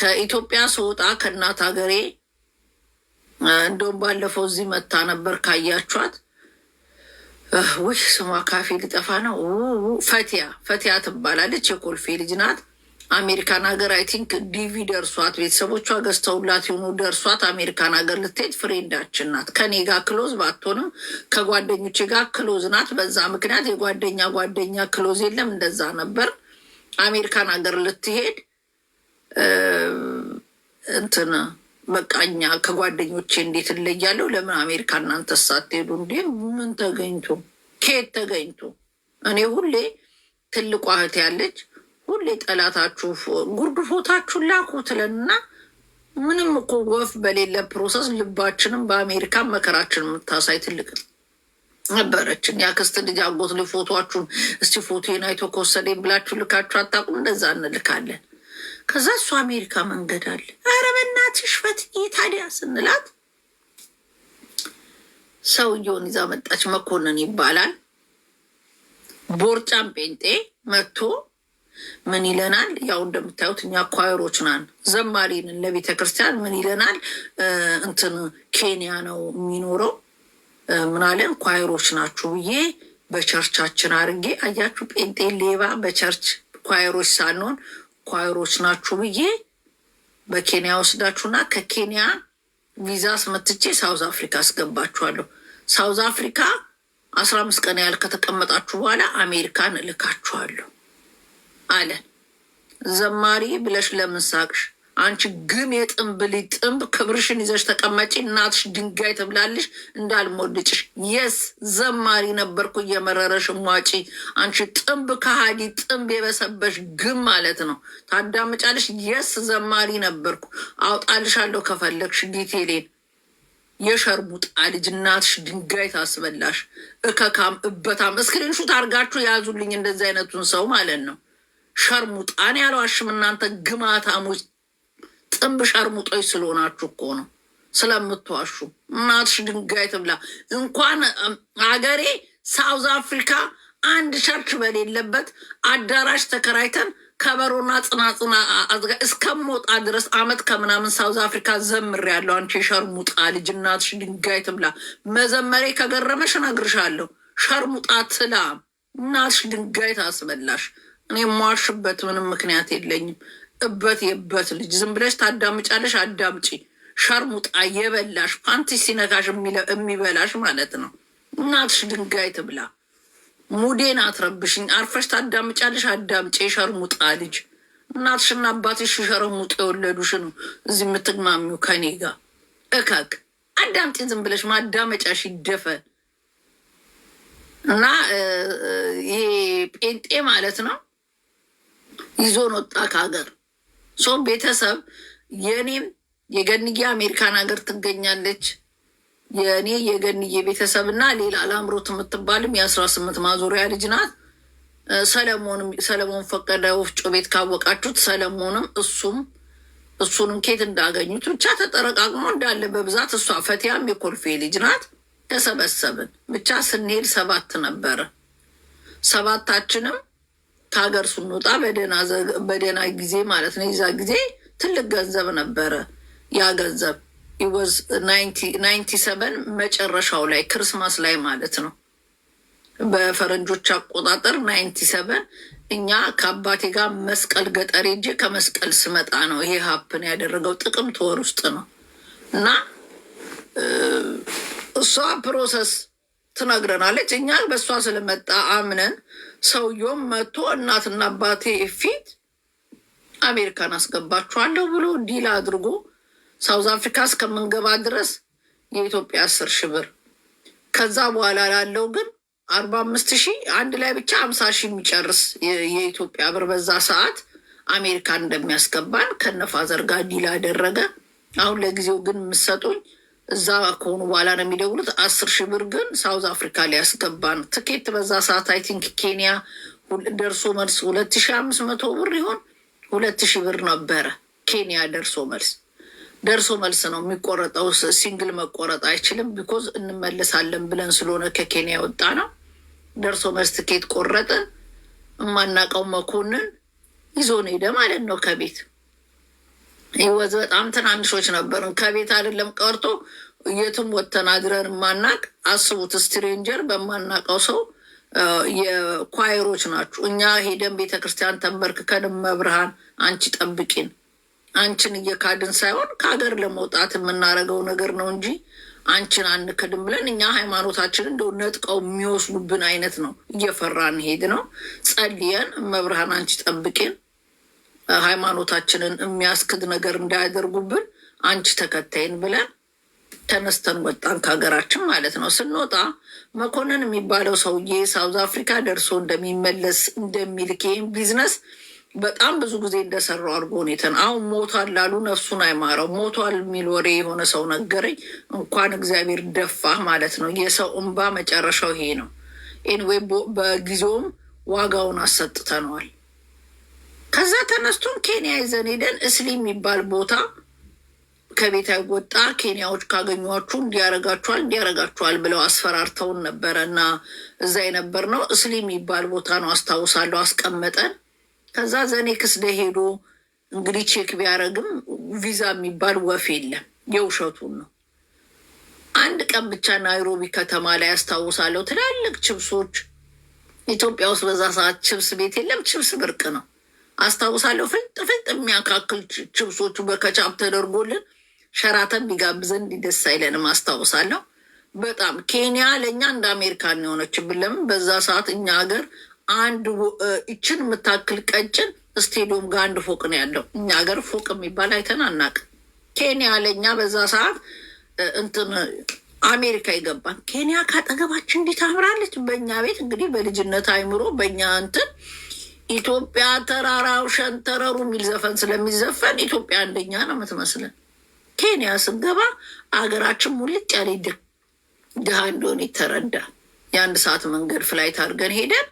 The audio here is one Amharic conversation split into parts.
ከኢትዮጵያ ስወጣ ከእናት ሀገሬ እንደውም ባለፈው እዚህ መታ ነበር ካያችኋት። ውይ ስሟ ካፌ ሊጠፋ ነው። ፈቲያ ፈቲያ ትባላለች። የኮልፌ ልጅ ናት። አሜሪካን ሀገር አይ ቲንክ ዲቪ ደርሷት ቤተሰቦቿ ገዝተውላት የሆኑ ደርሷት አሜሪካን ሀገር ልትሄድ ፍሬንዳችን ናት። ከኔ ጋር ክሎዝ ባትሆንም ከጓደኞቼ ጋር ክሎዝ ናት። በዛ ምክንያት የጓደኛ ጓደኛ ክሎዝ የለም እንደዛ ነበር። አሜሪካን ሀገር ልትሄድ እንትን በቃ እኛ ከጓደኞቼ እንዴት እለያለሁ? ለምን አሜሪካ እናንተ ሳትሄዱ? እንዴ ምን ተገኝቶ ከየት ተገኝቶ? እኔ ሁሌ ትልቁ እህት ያለች ሁሌ ጠላታችሁ ጉርድ ፎታችሁን ላኩ ትለንና ምንም እኮ ወፍ በሌለ ፕሮሰስ ልባችንም በአሜሪካ መከራችን የምታሳይ ትልቅ ነበረችን። ያክስት ልጅ አጎት እስቲ ፎቶ ናይቶ ከወሰደ ብላችሁ ልካችሁ አታውቁም? እንደዛ እንልካለን። ከዛ እሱ አሜሪካ መንገድ አለ። ኧረ በእናትሽ ፈትዬ ታዲያ ስንላት ሰውየውን ይዛ መጣች። መኮንን ይባላል። ቦርጫም ጴንጤ መጥቶ ምን ይለናል? ያው እንደምታዩት እኛ ኳይሮች ናን ዘማሪንን ለቤተ ክርስቲያን ምን ይለናል? እንትን ኬንያ ነው የሚኖረው ምናለን ኳይሮች ናችሁ ብዬ በቸርቻችን አድርጌ አያችሁ፣ ጴንጤ ሌባ በቸርች ኳይሮች ሳንሆን ኳይሮች ናችሁ ብዬ በኬንያ ወስዳችሁና ከኬንያ ቪዛ አስመትቼ ሳውዝ አፍሪካ አስገባችኋለሁ። ሳውዝ አፍሪካ አስራ አምስት ቀን ያህል ከተቀመጣችሁ በኋላ አሜሪካን እልካችኋለሁ አለን። ዘማሪ ብለሽ ለምን ሳቅሽ? አንቺ ግም የጥንብል ጥንብ ክብርሽን ይዘሽ ተቀመጪ፣ እናትሽ ድንጋይ ትብላልሽ እንዳልሞልጭሽ። የስ ዘማሪ ነበርኩ እየመረረሽ ሟጪ። አንቺ ጥንብ ከሃዲ ጥንብ የበሰበሽ ግም ማለት ነው። ታዳምጫልሽ። የስ ዘማሪ ነበርኩ። አውጣልሻለሁ ከፈለግሽ ዲቴሌን። የሸርሙጣ ልጅ እናትሽ ድንጋይ ታስበላሽ። እከካም እበታም እስክሪንሹት አርጋችሁ ያዙልኝ። እንደዚህ አይነቱን ሰው ማለት ነው። ሸርሙጣን ያለዋሽም እናንተ ግማታሞች ጥንብ ሸርሙጦች ስለሆናችሁ እኮ ነው ስለምትዋሹ። እናትሽ ድንጋይ ትብላ። እንኳን አገሬ ሳውዝ አፍሪካ አንድ ቸርች በሌለበት አዳራሽ ተከራይተን ከበሮና ጽናጽና አዝጋ እስከምወጣ ድረስ አመት ከምናምን ሳውዝ አፍሪካ ያለው አንቺ ሸርሙጣ ልጅ እናትሽ ድንጋይ ትብላ። መዘመሬ ከገረመሽ እነግርሻለሁ። ሸርሙጣ ትላ እናትሽ ድንጋይ ታስበላሽ። እኔ የማዋሽበት ምንም ምክንያት የለኝም። እበት የበት ልጅ ዝም ብለሽ ታዳምጫለሽ። አዳምጪ ሸርሙጣ የበላሽ ፓንቲ ሲነካሽ የሚበላሽ ማለት ነው። እናትሽ ድንጋይ ትብላ። ሙዴን አትረብሽኝ። አርፈሽ ታዳምጫለሽ። አዳምጪ ሸርሙጣ ልጅ። እናትሽና አባትሽ ሸርሙጥ የወለዱሽ ነው። እዚህ የምትግማሚው ከኔ ጋር እከክ አዳምጪ። ዝም ብለሽ ማዳመጫሽ ይደፈ እና ይሄ ጴንጤ ማለት ነው ይዞን ወጣ ከሀገር ሶም ቤተሰብ የእኔም የገንዬ አሜሪካን ሀገር ትገኛለች። የእኔ የገንዬ ቤተሰብ እና ሌላ ላምሮት የምትባልም የአስራ ስምንት ማዞሪያ ልጅ ናት። ሰለሞን ፈቀደ ወፍጮ ቤት ካወቃችሁት፣ ሰለሞንም እሱም እሱንም ኬት እንዳገኙት ብቻ ተጠረቃቅሞ እንዳለ በብዛት እሷ ፈቲያም የኮልፌ ልጅ ናት። ተሰበሰብን ብቻ ስንሄድ ሰባት ነበረ ሰባታችንም ከሀገር ስንወጣ በደህና ጊዜ ማለት ነው። የዛ ጊዜ ትልቅ ገንዘብ ነበረ። ያ ገንዘብ ወዝ ናይንቲ ሰቨን መጨረሻው ላይ ክርስማስ ላይ ማለት ነው በፈረንጆች አቆጣጠር ናይንቲ ሰቨን እኛ ከአባቴ ጋር መስቀል ገጠር ሄጄ ከመስቀል ስመጣ ነው ይሄ ሀፕን ያደረገው። ጥቅምት ወር ውስጥ ነው እና እሷ ፕሮሰስ ትነግረናለች። እኛ በእሷ ስለመጣ አምነን ሰውየውም መጥቶ እናትና አባቴ ፊት አሜሪካን አስገባችኋለሁ ብሎ ዲል አድርጎ ሳውዝ አፍሪካ እስከምንገባ ድረስ የኢትዮጵያ አስር ሺህ ብር ከዛ በኋላ ላለው ግን አርባ አምስት ሺህ አንድ ላይ ብቻ ሀምሳ ሺህ የሚጨርስ የኢትዮጵያ ብር በዛ ሰዓት አሜሪካን እንደሚያስገባን ከነፋዘር ጋር ዲል አደረገ። አሁን ለጊዜው ግን የምሰጡኝ እዛ ከሆኑ በኋላ ነው የሚደውሉት። አስር ሺህ ብር ግን ሳውዝ አፍሪካ ሊያስገባ ነው። ትኬት በዛ ሰዓት አይ ቲንክ ኬንያ ደርሶ መልስ ሁለት ሺህ አምስት መቶ ብር ይሆን ሁለት ሺህ ብር ነበረ። ኬንያ ደርሶ መልስ ደርሶ መልስ ነው የሚቆረጠው። ሲንግል መቆረጥ አይችልም። ቢኮዝ እንመለሳለን ብለን ስለሆነ ከኬንያ የወጣ ነው። ደርሶ መልስ ትኬት ቆረጠ። የማናውቀው መኮንን ይዞን ሄደ ማለት ነው ከቤት ይወዝ በጣም ትናንሾች ነበርን። ከቤት አይደለም ቀርቶ የትም ወተን አድረን ማናቅ። አስቡት፣ ስትሬንጀር በማናቀው ሰው የኳይሮች ናችሁ። እኛ ሄደን ቤተክርስቲያን ተንበርክከን መብርሃን አንቺ ጠብቂን፣ አንቺን እየካድን ሳይሆን ከሀገር ለመውጣት የምናደርገው ነገር ነው እንጂ አንቺን አንክድም ብለን እኛ ሃይማኖታችን እንደው ነጥቀው የሚወስዱብን አይነት ነው እየፈራን ሄድ ነው። ጸልየን መብርሃን አንቺ ጠብቂን ሃይማኖታችንን የሚያስክድ ነገር እንዳያደርጉብን አንቺ ተከታይን ብለን ተነስተን ወጣን ከሀገራችን ማለት ነው። ስንወጣ መኮንን የሚባለው ሰውዬ ሳውዝ አፍሪካ ደርሶ እንደሚመለስ እንደሚልክ ይህም ቢዝነስ በጣም ብዙ ጊዜ እንደሰራው አድርጎ ሁኔታን አሁን ሞቷል ላሉ ነፍሱን አይማረው ሞቷል የሚል ወሬ የሆነ ሰው ነገረኝ። እንኳን እግዚአብሔር ደፋህ ማለት ነው። የሰው እንባ መጨረሻው ይሄ ነው። ኤንዌይ በጊዜውም ዋጋውን አሰጥተነዋል። ከዛ ተነስቶን ኬንያ ይዘን ሄደን እስሊ የሚባል ቦታ ከቤት ወጣ። ኬንያዎች ካገኟችሁ እንዲያረጋችኋል እንዲያረጋችኋል ብለው አስፈራርተውን ነበረ እና እዛ ነው እስሊ የሚባል ቦታ ነው አስታውሳለሁ። አስቀመጠን። ከዛ ዘኔ ክስደ ሄዶ እንግዲህ ቼክ ቢያደርግም ቪዛ የሚባል ወፍ የለም። የውሸቱን ነው። አንድ ቀን ብቻ ናይሮቢ ከተማ ላይ አስታውሳለሁ። ትላልቅ ችብሶች ኢትዮጵያ ውስጥ በዛ ሰዓት ችብስ ቤት የለም። ችብስ ብርቅ ነው። አስታውሳለሁ። ፍልጥ ፍልጥ የሚያካክል ችብሶቹ በከቻፕ ተደርጎልን ሸራተን የሚጋብዘን ደስ አይለንም። አስታውሳለሁ። በጣም ኬንያ ለእኛ እንደ አሜሪካን የሆነችብን። ለምን በዛ ሰዓት እኛ ሀገር አንድ ይችን የምታክል ቀጭን ስቴዲየም ጋር አንድ ፎቅ ነው ያለው። እኛ ሀገር ፎቅ የሚባል አይተን አናቅ ኬንያ ለእኛ በዛ ሰዓት እንትን አሜሪካ ይገባል። ኬንያ ካጠገባችን እንዲታምራለች። በእኛ ቤት እንግዲህ በልጅነት አይምሮ በእኛ እንትን ኢትዮጵያ ተራራው ሸንተረሩ የሚል ዘፈን ስለሚዘፈን ኢትዮጵያ አንደኛ ነው የምትመስለን። ኬንያ ስንገባ አገራችን ሙልጭ ያለ ድሃ እንደሆነ ይተረዳ። የአንድ ሰዓት መንገድ ፍላይት አድርገን ሄደን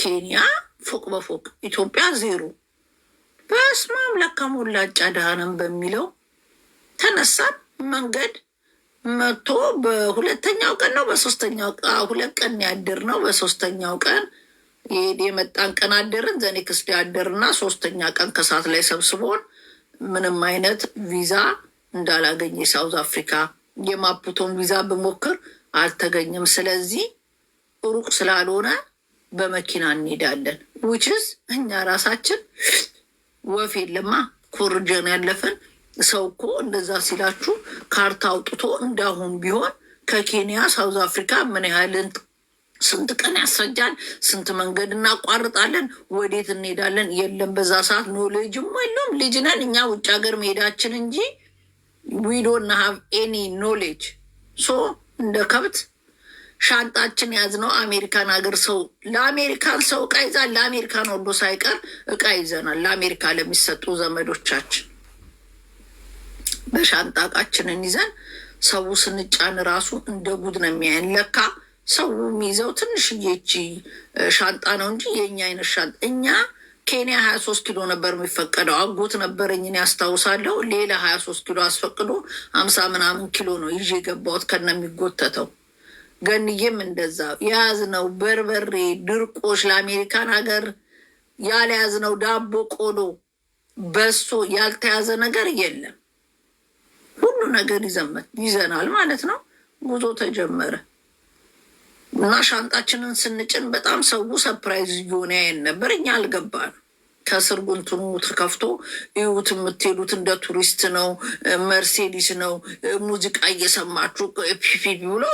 ኬንያ ፎቅ በፎቅ ኢትዮጵያ ዜሮ። በስማም ለካ ሞላጫ ድሃ ነን በሚለው ተነሳን። መንገድ መቶ በሁለተኛው ቀን ነው በሶስተኛው ሁለት ቀን ያድር ነው በሶስተኛው ቀን ይሄድ የመጣን ቀን አደርን ዘኔክስት አደርና ሶስተኛ ቀን ከሰዓት ላይ ሰብስቦን ምንም አይነት ቪዛ እንዳላገኝ የሳውዝ አፍሪካ የማፑቶን ቪዛ ብሞክር አልተገኘም። ስለዚህ ሩቅ ስላልሆነ በመኪና እንሄዳለን። ዊችዝ እኛ ራሳችን ወፍ የለማ ኮርጀን ያለፈን ሰው እኮ እንደዛ ሲላችሁ ካርታ አውጥቶ እንዳሁን ቢሆን ከኬንያ ሳውዝ አፍሪካ ምን ያህልን ስንት ቀን ያስፈጃል? ስንት መንገድ እናቋርጣለን? ወዴት እንሄዳለን? የለም በዛ ሰዓት ኖሌጅም የለም። ልጅ ነን እኛ ውጭ ሀገር መሄዳችን እንጂ ዊዶን ሀብ ኤኒ ኖሌጅ ሶ እንደ ከብት ሻንጣችን ያዝነው አሜሪካን ሀገር ሰው ለአሜሪካን ሰው እቃ ይዛል። ለአሜሪካን ወዶ ሳይቀር እቃ ይዘናል። ለአሜሪካ ለሚሰጡ ዘመዶቻችን በሻንጣ እቃችንን ይዘን ሰው ስንጫን ራሱ እንደ ጉድ ነው የሚያየን ለካ ሰው የሚይዘው ትንሽዬ ይቺ ሻንጣ ነው እንጂ የእኛ አይነት ሻንጣ እኛ ኬንያ ሀያ ሶስት ኪሎ ነበር የሚፈቀደው። አጎት ነበረኝን ያስታውሳለሁ። ሌላ ሀያ ሶስት ኪሎ አስፈቅዶ አምሳ ምናምን ኪሎ ነው ይዤ የገባሁት ከነ የሚጎተተው። ገንዬም እንደዛ የያዝነው በርበሬ ድርቆች ለአሜሪካን ሀገር ያልያዝነው ዳቦ፣ ቆሎ፣ በሶ ያልተያዘ ነገር የለም። ሁሉ ነገር ይዘናል ማለት ነው። ጉዞ ተጀመረ። እና ሻንጣችንን ስንጭን በጣም ሰው ሰፕራይዝ እየሆነ ያየን ነበር። እኛ አልገባንም። ከስር ጉንትኑ ተከፍቶ እዩት የምትሄዱት እንደ ቱሪስት ነው። መርሴዲስ ነው ሙዚቃ እየሰማችሁ ፒፒ ብሎ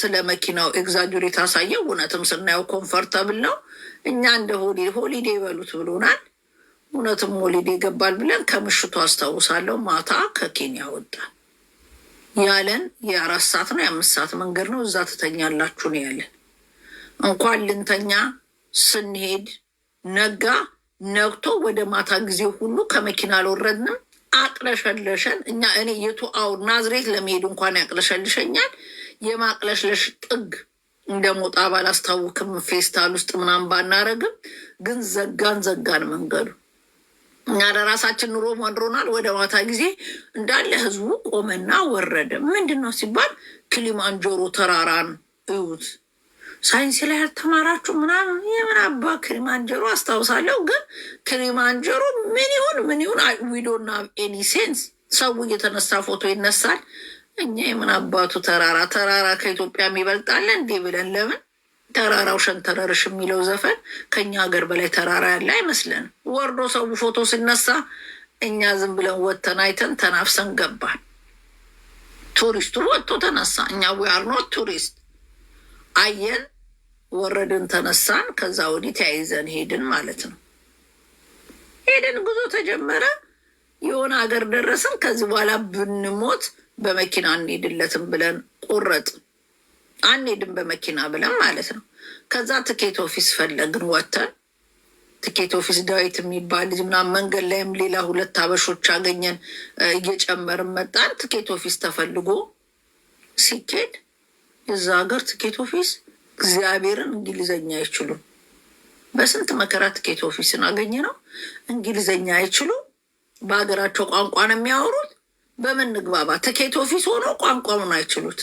ስለ መኪናው ኤግዛጁሬት አሳየው። እውነትም ስናየው ኮምፈርተብል ነው። እኛ እንደ ሆሊዴ በሉት ብሎናል። እውነትም ሆሊዴ ይገባል ብለን ከምሽቱ አስታውሳለሁ ማታ ከኬንያ ወጣል። ያለን የአራት ሰዓት ነው የአምስት ሰዓት መንገድ ነው፣ እዛ ትተኛላችሁ ነው ያለን። እንኳን ልንተኛ ስንሄድ ነጋ። ነግቶ ወደ ማታ ጊዜ ሁሉ ከመኪና አልወረድንም። አቅለሸለሸን። እኛ እኔ የቱ አውር ናዝሬት ለመሄድ እንኳን ያቅለሸልሸኛል። የማቅለሽለሽ ጥግ እንደ ሞጣ ባላስታውክም ፌስታል ውስጥ ምናምን ባናረግም ግን ዘጋን ዘጋን መንገዱ እኛ ለራሳችን ኑሮ ማድሮናል። ወደ ማታ ጊዜ እንዳለ ህዝቡ ቆመና ወረደ። ምንድን ነው ሲባል ክሊማንጆሮ ተራራን እዩት፣ ሳይንስ ላይ ያልተማራችሁ ምናምን የምን አባ ክሊማንጀሮ አስታውሳለሁ። ግን ክሊማንጀሮ ምን ይሁን ምን ይሁን ዊዶና ኤኒ ሴንስ ሰው እየተነሳ ፎቶ ይነሳል። እኛ የምን አባቱ ተራራ ተራራ ከኢትዮጵያ የሚበልጣለን እንዲህ ብለን ለምን ተራራው ሸንተረርሽ የሚለው ዘፈን ከኛ ሀገር በላይ ተራራ ያለ አይመስለን። ወርዶ ሰው ፎቶ ሲነሳ እኛ ዝም ብለን ወጥተን አይተን ተናፍሰን ገባን። ቱሪስቱ ወጥቶ ተነሳ። እኛ ዊያርኖ ቱሪስት አየን፣ ወረድን፣ ተነሳን። ከዛ ወዲህ ተያይዘን ሄድን ማለት ነው። ሄድን፣ ጉዞ ተጀመረ። የሆነ ሀገር ደረስን። ከዚህ በኋላ ብንሞት በመኪና እንሄድለትም ብለን ቆረጥን። አንሄድም በመኪና ብለን ማለት ነው። ከዛ ትኬት ኦፊስ ፈለግን ወተን ትኬት ኦፊስ ዳዊት የሚባል ልጅ ምናምን መንገድ ላይም ሌላ ሁለት አበሾች አገኘን። እየጨመርን መጣን። ትኬት ኦፊስ ተፈልጎ ሲኬድ የዛ ሀገር ትኬት ኦፊስ እግዚአብሔርን እንግሊዘኛ አይችሉም። በስንት መከራ ትኬት ኦፊስን አገኘ ነው። እንግሊዘኛ አይችሉም። በሀገራቸው ቋንቋ ነው የሚያወሩት። በምን ንግባባ? ትኬት ኦፊስ ሆኖ ቋንቋውን አይችሉት።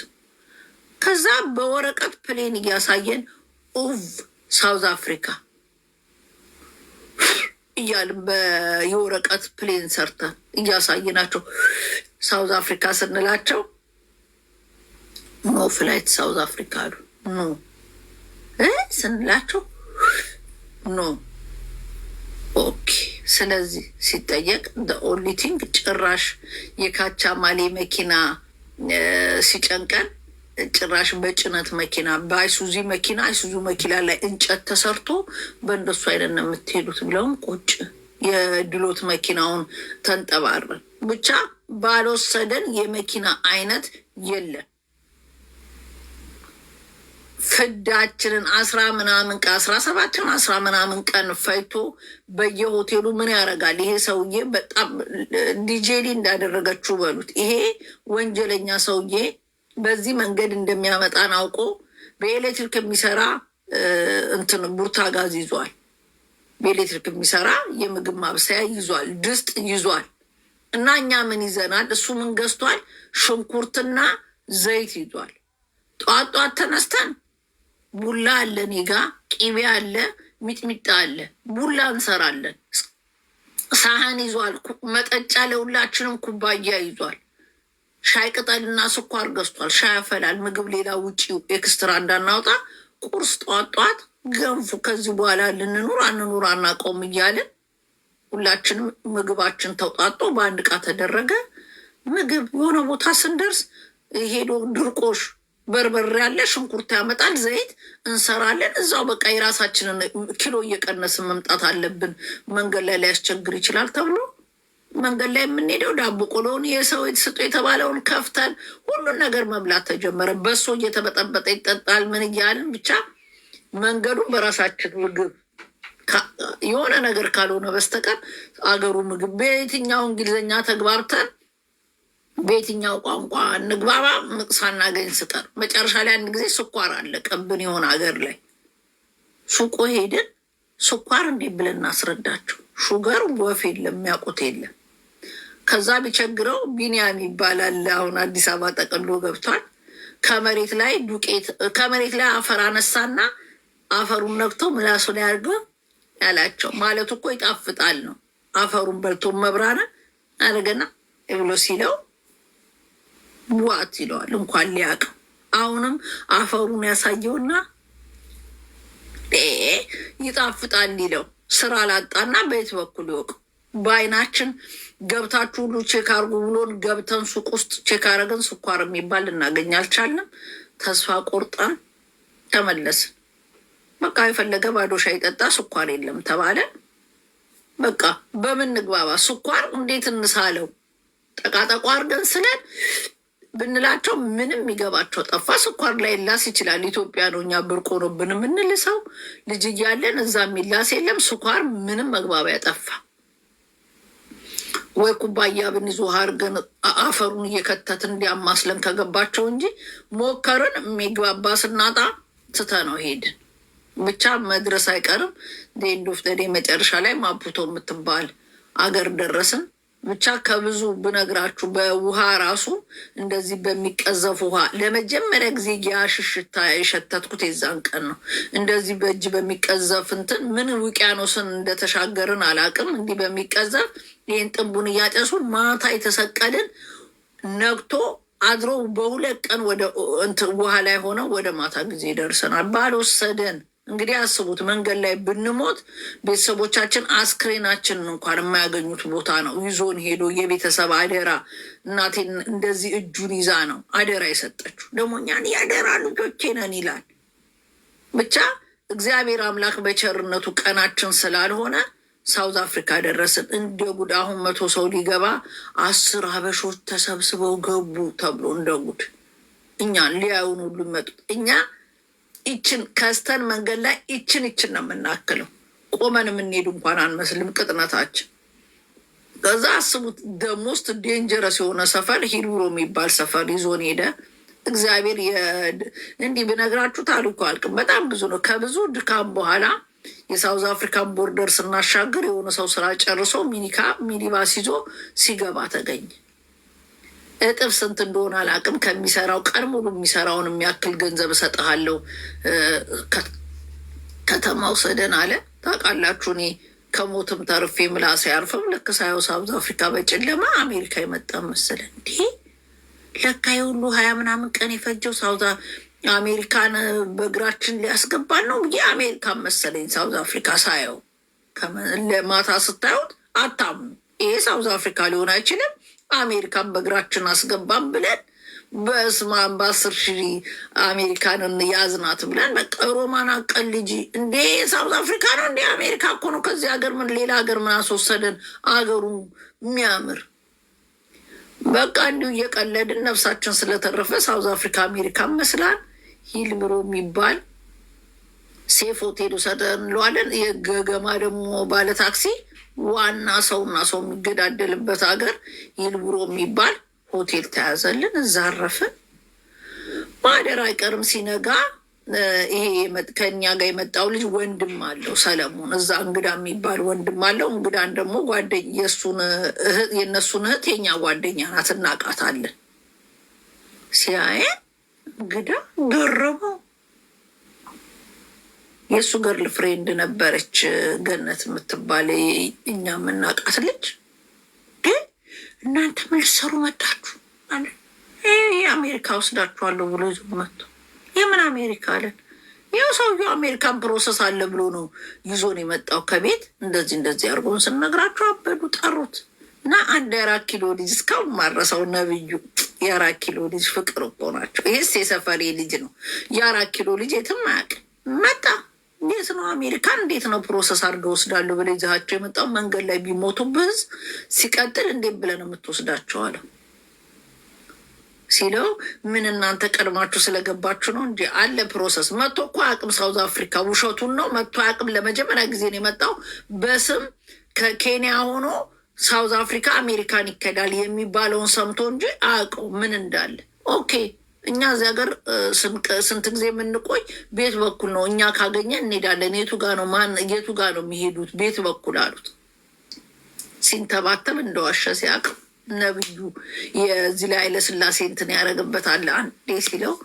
ከዛ በወረቀት ፕሌን እያሳየን ኡቭ ሳውዝ አፍሪካ እያል የወረቀት ፕሌን ሰርተን እያሳየናቸው ሳውዝ አፍሪካ ስንላቸው ኖ ፍላይት ሳውዝ አፍሪካ አሉ። ኖ ስንላቸው ኖ ኦኬ። ስለዚህ ሲጠየቅ ኦንሊ ቲንግ ጭራሽ ማሌ መኪና ሲጨንቀን ጭራሽ በጭነት መኪና በአይሱዚ መኪና አይሱዙ መኪና ላይ እንጨት ተሰርቶ በእንደሱ አይነት ነው የምትሄዱት ብለውም ቁጭ የድሎት መኪናውን ተንጠባረን ብቻ ባልወሰደን የመኪና አይነት የለም። ፍዳችንን አስራ ምናምን ቀን አስራ ሰባትን አስራ ምናምን ቀን ፈይቶ በየሆቴሉ ምን ያደርጋል ይሄ ሰውዬ? በጣም ዲጄሊ እንዳደረገችው በሉት ይሄ ወንጀለኛ ሰውዬ በዚህ መንገድ እንደሚያመጣን አውቆ በኤሌክትሪክ የሚሰራ እንትን ቡርታ ጋዝ ይዟል። በኤሌክትሪክ የሚሰራ የምግብ ማብሰያ ይዟል። ድስት ይዟል። እና እኛ ምን ይዘናል? እሱ ምን ገዝቷል? ሽንኩርትና ዘይት ይዟል። ጠዋት ጠዋት ተነስተን ቡላ አለ፣ እኔ ጋ ቂቤ አለ፣ ሚጥሚጣ አለ። ቡላ እንሰራለን። ሳህን ይዟል። መጠጫ ለሁላችንም ኩባያ ይዟል። ሻይ ቅጠልና ስኳር ገዝቷል። ሻይ ያፈላል። ምግብ ሌላ ውጪ ኤክስትራ እንዳናውጣ ቁርስ ጠዋት ጠዋት ገንፉ። ከዚህ በኋላ ልንኑር አንኑር አናውቀውም እያልን ሁላችንም ምግባችን ተውጣጦ በአንድ ዕቃ ተደረገ። ምግብ የሆነ ቦታ ስንደርስ ሄዶ ድርቆሽ በርበሬ ያለ ሽንኩርት ያመጣል፣ ዘይት እንሰራለን። እዛው በቃ የራሳችንን ኪሎ እየቀነስን መምጣት አለብን። መንገድ ላይ ሊያስቸግር ይችላል ተብሎ መንገድ ላይ የምንሄደው ዳቦ ቆሎውን የሰው ስጡ የተባለውን ከፍተን ሁሉን ነገር መብላት ተጀመረ። በሶ እየተበጠበጠ ይጠጣል። ምን እያልን ብቻ መንገዱን በራሳችን ምግብ የሆነ ነገር ካልሆነ በስተቀር አገሩ ምግብ በየትኛው እንግሊዝኛ ተግባብተን በየትኛው ቋንቋ እንግባባ ሳናገኝ ስቀር መጨረሻ ላይ አንድ ጊዜ ስኳር አለቀብን። የሆነ ሀገር ላይ ሱቆ ሄድን። ስኳር እንዲ ብለን እናስረዳቸው። ሹገር ወፍ የለም የሚያውቁት የለም። ከዛ ቢቸግረው ቢኒያም ይባላል። አሁን አዲስ አበባ ጠቅሎ ገብቷል። ከመሬት ላይ ዱቄት ከመሬት ላይ አፈር አነሳና አፈሩን ነክቶ ምላሱን ያድርገው ያላቸው ማለት እኮ ይጣፍጣል ነው። አፈሩን በልቶ መብራነ አደገና ብሎ ሲለው ዋት ይለዋል። እንኳን ሊያቅም አሁንም አፈሩን ያሳየውና ይጣፍጣል ይለው ስራ ላጣና በየት በኩል ይወቅም በአይናችን ገብታችሁ ሁሉ ቼክ አርጉ ብሎን ገብተን ሱቅ ውስጥ ቼክ አረግን፣ ስኳር የሚባል ልናገኝ አልቻልንም። ተስፋ ቆርጠን ተመለስን። በቃ የፈለገ ባዶ ሻይ ጠጣ፣ ስኳር የለም ተባለ። በቃ በምን ንግባባ? ስኳር እንዴት እንሳለው? ጠቃጠቋ አርገን ስለን ብንላቸው ምንም ይገባቸው ጠፋ። ስኳር ላይ ላስ ይችላል ኢትዮጵያ ነው እኛ ብርቆ ነው ብን የምንልሰው ልጅ እያለን እዛ የሚላስ የለም ስኳር ምንም መግባቢያ ጠፋ። ወይ ኩባያ ብንይዞ አድርገን አፈሩን እየከተት እንዲያማስለን ከገባቸው እንጂ ሞከርን የሚግባባ ስናጣ ትተ ነው ሄድን። ብቻ መድረስ አይቀርም። ዴንዶፍ ደዴ መጨረሻ ላይ ማፑቶ የምትባል አገር ደረስን። ብቻ ከብዙ ብነግራችሁ በውሃ ራሱ እንደዚህ በሚቀዘፍ ውሃ ለመጀመሪያ ጊዜ የሽሽታ የሸተትኩት የዛን ቀን ነው። እንደዚህ በእጅ በሚቀዘፍ እንትን ምን ውቅያኖስን እንደተሻገርን አላቅም። እንዲህ በሚቀዘፍ ይህን ጥንቡን እያጨሱ ማታ የተሰቀልን ነግቶ አድሮ በሁለት ቀን ወደ ውሃ ላይ ሆነው ወደ ማታ ጊዜ ደርሰናል። ባልወሰደን እንግዲህ አስቡት፣ መንገድ ላይ ብንሞት ቤተሰቦቻችን አስክሬናችንን እንኳን የማያገኙት ቦታ ነው ይዞን ሄዶ የቤተሰብ አደራ። እናቴን እንደዚህ እጁን ይዛ ነው አደራ የሰጠችው። ደግሞ እኛን የአደራ ልጆቼ ነን ይላል። ብቻ እግዚአብሔር አምላክ በቸርነቱ ቀናችን ስላልሆነ ሳውዝ አፍሪካ ደረስን። እንደ ጉድ አሁን መቶ ሰው ሊገባ አስር ሀበሾች ተሰብስበው ገቡ ተብሎ እንደ ጉድ እኛን ሊያዩን ሁሉ መጡት እኛ ይችን ከስተን መንገድ ላይ ይችን ይችን ነው የምናክለው። ቆመን የምንሄዱ እንኳን አንመስልም ቅጥነታችን። ከዛ አስቡት ደሞስት ዴንጀረስ የሆነ ሰፈር ሂሩሮ የሚባል ሰፈር ይዞን ሄደ። እግዚአብሔር እንዲህ ብነግራችሁ ታሪኩ አልቅም። በጣም ብዙ ነው። ከብዙ ድካም በኋላ የሳውዝ አፍሪካን ቦርደር ስናሻገር የሆነ ሰው ስራ ጨርሶ ሚኒካ ሚኒባስ ይዞ ሲገባ ተገኘ። እጥፍ ስንት እንደሆነ አላቅም። ከሚሰራው ቀን ሙሉ የሚሰራውን የሚያክል ገንዘብ እሰጥሃለሁ፣ ከተማው ሰደን አለ። ታውቃላችሁ እኔ ከሞትም ተርፌ ምላስ አያርፍም። ልክ ሳየው ሳውዝ አፍሪካ በጨለማ አሜሪካ የመጣ መሰለኝ። እንዲህ ለካ የሁሉ ሀያ ምናምን ቀን የፈጀው ሳውዝ አሜሪካን በእግራችን ሊያስገባን ነው ብዬ አሜሪካን መሰለኝ። ሳውዝ አፍሪካ ሳየው ለማታ ስታዩት አታምኑ። ይሄ ሳውዝ አፍሪካ ሊሆን አይችልም አሜሪካን በእግራችን አስገባም ብለን በስማ በአስር ሺህ አሜሪካን እንያዝናት ብለን በቃ ሮማን አቀል ልጅ እንዴ ሳውዝ አፍሪካ ነው እንዴ አሜሪካ እኮ ነው። ከዚህ ሀገር ምን ሌላ ሀገር ምን አስወሰደን? አገሩ የሚያምር በቃ እንዲሁ እየቀለድን ነፍሳችን ስለተረፈ ሳውዝ አፍሪካ አሜሪካ መስላል። ሂልብሮ የሚባል ሴፍ ሆቴል ውሰደን ለዋለን የገገማ ደግሞ ባለ ታክሲ ዋና ሰውና ሰው የሚገዳደልበት ሀገር ይልብሮ የሚባል ሆቴል ተያዘልን። እዛ አረፍን። ማደር አይቀርም ሲነጋ ይሄ ከእኛ ጋር የመጣው ልጅ ወንድም አለው ሰለሞን። እዛ እንግዳ የሚባል ወንድም አለው። እንግዳን ደግሞ የእነሱን እህት የኛ ጓደኛ ናት፣ እናውቃታለን። ሲያየን እንግዳ ገረመው። የእሱ ገርል ፍሬንድ ነበረች ገነት የምትባል እኛ የምናውቃት ልጅ። ግን እናንተ ምን ልትሰሩ መጣችሁ? የአሜሪካ ወስዳችኋለሁ ብሎ ይዞ መጥቶ የምን አሜሪካ አለን። ያው ሰውየው አሜሪካን ፕሮሰስ አለ ብሎ ነው ይዞን የመጣው ከቤት። እንደዚህ እንደዚህ አድርጎን ስነግራቸው አበዱ፣ ጠሩት እና አንድ የአራት ኪሎ ልጅ እስካሁን ማረሰው ነብዩ የአራት ኪሎ ልጅ ፍቅር እኮ ናቸው። ይህስ የሰፈሬ ልጅ ነው። የአራት ኪሎ ልጅ የትም አያውቅም። መጣ እንዴት ነው አሜሪካ እንዴት ነው ፕሮሰስ አድርገው ወስዳለሁ ብለ ይዛቸው የመጣው መንገድ ላይ ቢሞቱ ብዝ ሲቀጥል እንዴት ብለህ ነው የምትወስዳቸው አለ ሲለው ምን እናንተ ቀድማችሁ ስለገባችሁ ነው እንጂ አለ ፕሮሰስ መቶ እኮ አቅም ሳውዝ አፍሪካ ውሸቱን ነው መቶ አቅም ለመጀመሪያ ጊዜ ነው የመጣው በስም ከኬንያ ሆኖ ሳውዝ አፍሪካ አሜሪካን ይከዳል የሚባለውን ሰምቶ እንጂ አቀው ምን እንዳለ ኦኬ እኛ እዚ ሀገር ስንት ጊዜ የምንቆይ ቤት በኩል ነው። እኛ ካገኘ እንሄዳለን። የቱ ጋ ነው ማን የቱ ጋ ነው የሚሄዱት? ቤት በኩል አሉት። ሲንተባተብ እንደዋሸ ሲያቅ ነብዩ የዚህ ላይ ኃይለስላሴ እንትን ያደረግበታል አንዴ ሲለው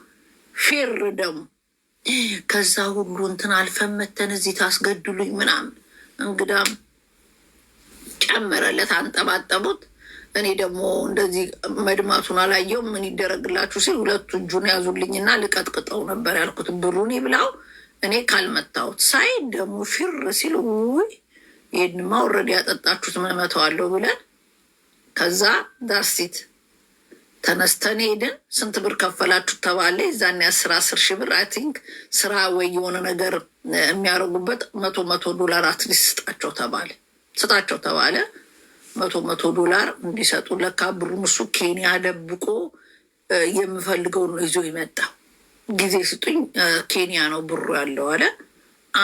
ፌር ደግሞ ከዛ ሁሉ እንትን አልፈመተን እዚህ ታስገድሉኝ ምናምን እንግዳም ጨመረለት፣ አንጠባጠቡት። እኔ ደግሞ እንደዚህ መድማቱን አላየው ምን ይደረግላችሁ ሲል ሁለቱ እጁን ያዙልኝና ልቀጥቅጠው ነበር ያልኩት። ብሩን ይብላው እኔ ካልመታሁት ሳይ ደግሞ ፊር ሲል ውይ ይህንማ ወረድ ያጠጣችሁት መመተዋለሁ ብለን ከዛ ዳስቲት ተነስተን ሄድን። ስንት ብር ከፈላችሁ ተባለ። የዛኔ አስር አስር ሺህ ብር አይ ቲንክ ስራ ወይ የሆነ ነገር የሚያደርጉበት መቶ መቶ ዶላር አትሊስት ስጣቸው ተባለ ስጣቸው ተባለ። መቶ መቶ ዶላር እንዲሰጡ ለካ ብሩን እሱ ኬንያ ደብቆ የምፈልገው ነው ይዞ ይመጣ ጊዜ ስጡኝ ኬንያ ነው ብሩ ያለው አለ።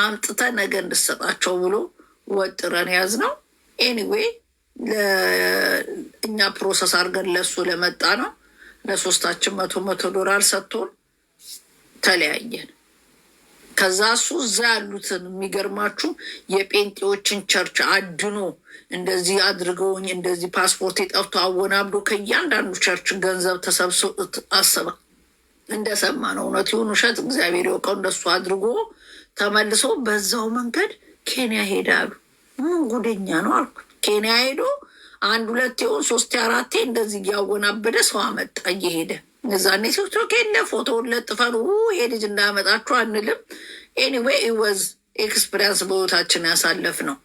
አምጥተ ነገ እንድሰጣቸው ብሎ ወጥረን ያዝ ነው። ኤኒዌይ እኛ ፕሮሰስ አድርገን ለሱ ለመጣ ነው ለሶስታችን መቶ መቶ ዶላር ሰጥቶን ተለያየን። ከዛ እሱ እዛ ያሉትን የሚገርማችሁ የጴንጤዎችን ቸርች አድኖ እንደዚህ አድርገውኝ እንደዚህ ፓስፖርት የጠፍቶ አወናብዶ ከእያንዳንዱ ቸርች ገንዘብ ተሰብሶ አሰባ እንደሰማ ነው። እውነት ይሁን ውሸት እግዚአብሔር የወቀው። እንደሱ አድርጎ ተመልሶ በዛው መንገድ ኬንያ ሄዳሉ። ምን ጉደኛ ነው አልኩ። ኬንያ ሄዶ አንድ ሁለት የሆን ሶስቴ አራቴ እንደዚህ እያወናበደ ሰው አመጣ እየሄደ እዛኔ ቲክቶክ የለ ፎቶውን ለጥፈን ይሄ ልጅ እንዳመጣችሁ አንልም። ኤኒዌይ ኢወዝ ኤክስፒሪያንስ ያሳለፍ ነው።